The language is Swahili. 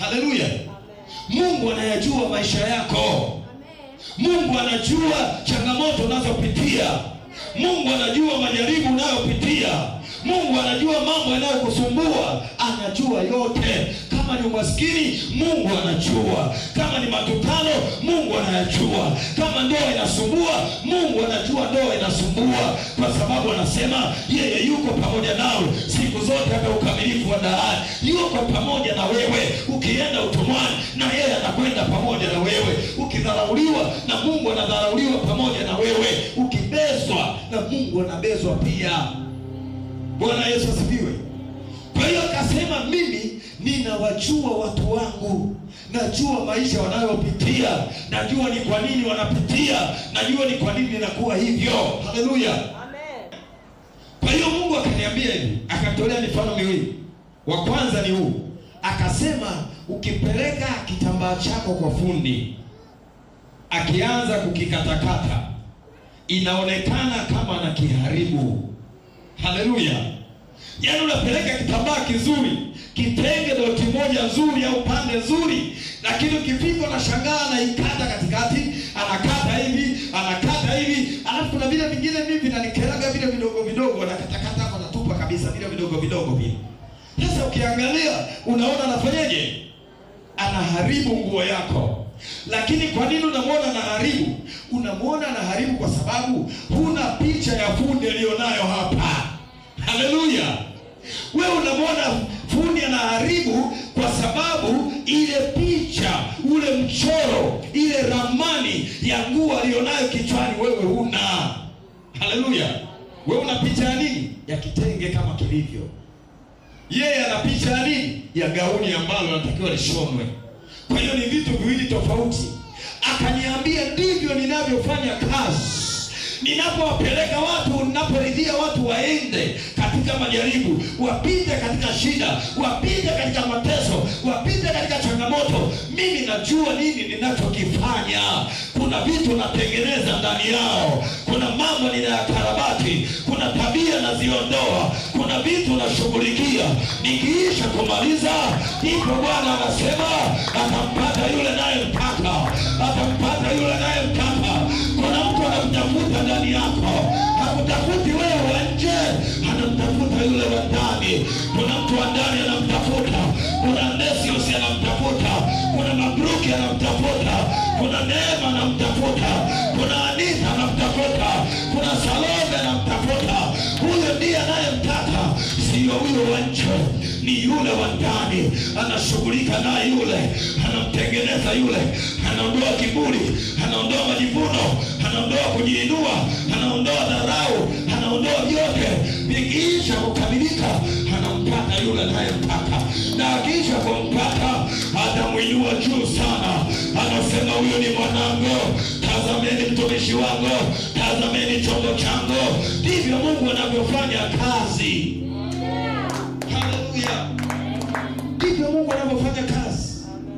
Haleluya! Mungu anayajua maisha yako. Amen. Mungu anajua changamoto unazopitia. Mungu anajua majaribu unayopitia. Mungu anajua mambo yanayokusumbua, anajua yote. Kama ni umaskini, Mungu anajua. Kama ni matukano, Mungu anayajua. Kama ndoa inasumbua, Mungu anajua ndoa inasumbua, kwa sababu anasema yeye yuko pamoja nao wadalali, yuko pamoja na wewe. Ukienda utumwani, na yeye anakwenda pamoja na wewe. Ukidharauliwa, na Mungu anadharauliwa pamoja na wewe. Ukibezwa, na Mungu anabezwa pia. Bwana Yesu asifiwe. Kwa hiyo akasema, mimi ninawajua watu wangu najua maisha wanayopitia, najua ni kwa nini wanapitia, najua ni kwa nini ninakuwa hivyo. Haleluya, amen. Kwa hiyo Mungu akaniambia hivi, akatolea mifano miwili. Wa kwanza ni huu, akasema ukipeleka kitambaa chako kwa fundi, akianza kukikatakata, inaonekana kama na kiharibu. Haleluya! Yaani unapeleka kitambaa kizuri, kitenge doti moja nzuri au pande nzuri, lakini ukipika unashangaa, anaikata katikati, anakata hivi, anakata hivi, alafu na vile vingine mimi vinanikeraga vile vidogo vidogo, anakatakata hapo, natupa kabisa vile vidogo vidogo vile sasa ukiangalia unaona anafanyaje? Anaharibu nguo yako. Lakini kwa nini unamwona anaharibu? Unamwona anaharibu kwa sababu huna picha ya fundi aliyonayo hapa. Haleluya! Wewe unamwona fundi anaharibu kwa sababu ile picha, ule mchoro, ile ramani ya nguo aliyonayo kichwani wewe huna. Haleluya! Wewe una picha ya nini? Ya kitenge kama kilivyo yeye ana picha ya nini? Ya gauni ambalo anatakiwa lishonwe. Kwa hiyo ni vitu viwili tofauti. Akaniambia ndivyo ninavyofanya kazi ninapowapeleka watu, ninaporidhia watu waende katika majaribu, wapite katika shida, wapite katika mateso, wapite katika ninajua nini ninachokifanya. Kuna vitu natengeneza ndani yao, kuna mambo ninayakarabati, kuna tabia naziondoa, kuna vitu nashughulikia. Nikiisha kumaliza, ndipo Bwana anasema atampata yule naye atampata yule naye Kuna mtu anamtafuta ndani yako, hakutafuti wewe wa nje, anamtafuta yule wa ndani, kuna mtu wa ndani anamtafuta, kuna Mesios anamtafuta, kuna Mabruki anamtafuta, kuna Neema anamtafuta, kuna Anita anamtafuta, kuna Salome anamtafuta. Huyo ndiye anayemtaka, siyo huyo wa nje, ni yule wa ndani. Anashughulika naye yule, anamtengeneza yule, anaondoa kiburi, anaondoa majivuno, anaondoa kujiinua, anaondoa dharau anampata yule anayempata, na akisha kumpata atamuinua juu sana. Anasema, huyu ni mwanangu, tazameni mtumishi wangu, tazameni chombo changu. Ndivyo Mungu anavyofanya kazi. Haleluya! Ndivyo Mungu anavyofanya kazi.